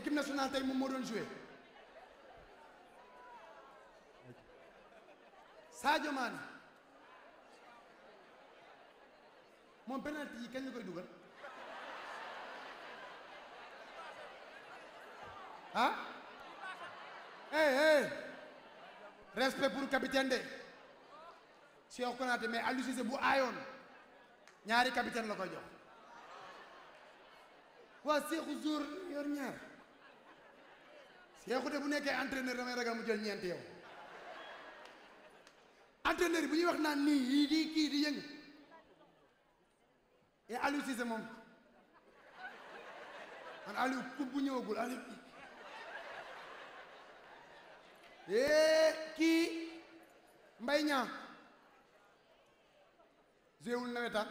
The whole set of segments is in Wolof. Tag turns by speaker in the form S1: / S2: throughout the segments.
S1: équipe nationale tey moom moo doon joué Sadio Mané moom penalty yi kañ koy dugal ah hey hey respect pour capitaine de Cheikh Konaté mais Aliou bu aayoon ñaari capitaine la koy jox waa Cheikhou Zour yor ñaar see de bu nekkee entraîneur damay ragal mu jël ñeenti yow entraîneur bu ñuy wax naan nii yii di kii di yëngu et Aliou Cissé moom man Aliou coupe bu ñëwagul Aliou eh, kii Mbaye Niang jéewul nawetaan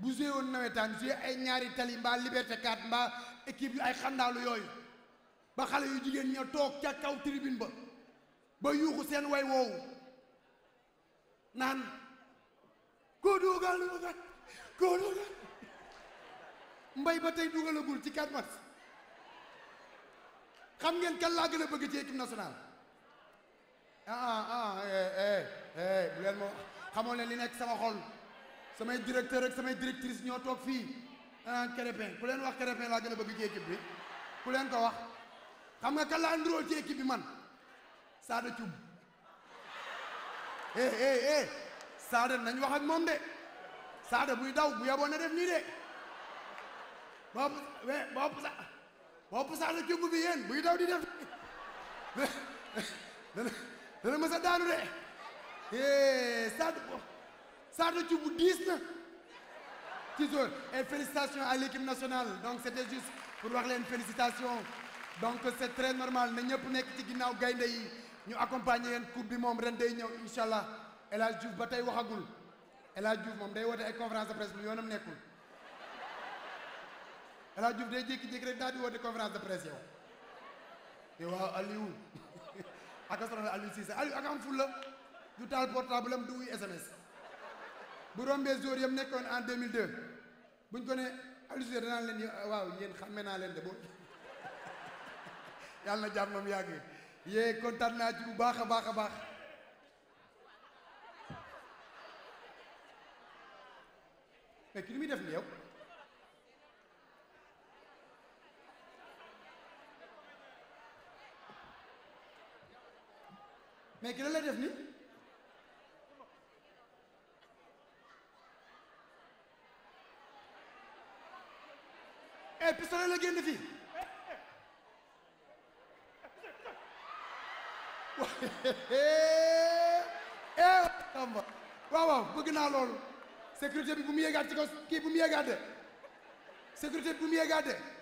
S1: bu jéewoon nawetaan jéew ay ñaari tali mbaa Liberté 4 mbaa équipe yu ay xandaalu yooyu ba xale yu jigéen ña toog ca kaw tribune ba ba yuuxu seen way woowu naan koo dugal dugal koo dugal mbay ba tey dugalagul ci 4 mars xam ngeen kal laa gën a bëgg ci équipe nationale ah ah, ah eh, eh eh bu leen ma xamoo leen li nekk sama xol samay directeur rek samay directrice ñoo toog fii ah Krépin ku leen wax Krépin laa gën a bëgg ci équipe bi ku leen ko wax xam nga kan laa nduróol ci équipe bi man Sada Thioub eh eh eh Sada nañ wax ak moom de Sada buy daw bu yaboon na def nii de bopp we bopp sa bopp Sada Thioub bi yéen buy daw di def dana dana mës a daanu de eh Sada Sada Thioub diis na ci zone et félicitations à l'équipe nationale donc c'était juste pour wax leen félicitations donc c'est très normal na ñëpp nekk ci ginnaw gaynde yi ñu accompagner leen coupe bi moom ren day ñëw incha allah El Hadj ba tey waxagul El Hadj Diouf moom day woote ay conférence de presse lu yoonam nekkul El Hadj jékki-jékki rek daal di woote conférence de presse yow yow waaw Aliou ak sonal Aliou Cissé Aliou ak am fulla du taal portable am du wuy SMS bu rombee jour yam nekkoon en buñ ko ne Aliou Cissé danaan leen waaw yéen xàmme naa leen de boo yàlla na jàmmam yàgg yee kontaan naa ci bu baax a baax a baax mais ki li muy def ni yow mais ki la lay def ni eh pistolet la génn fii eh Tamba eh, waaw waaw bëgg naa loolu sécurité bi bu mu yéegaat kii bu mu yéegaat de sécurité bi bu de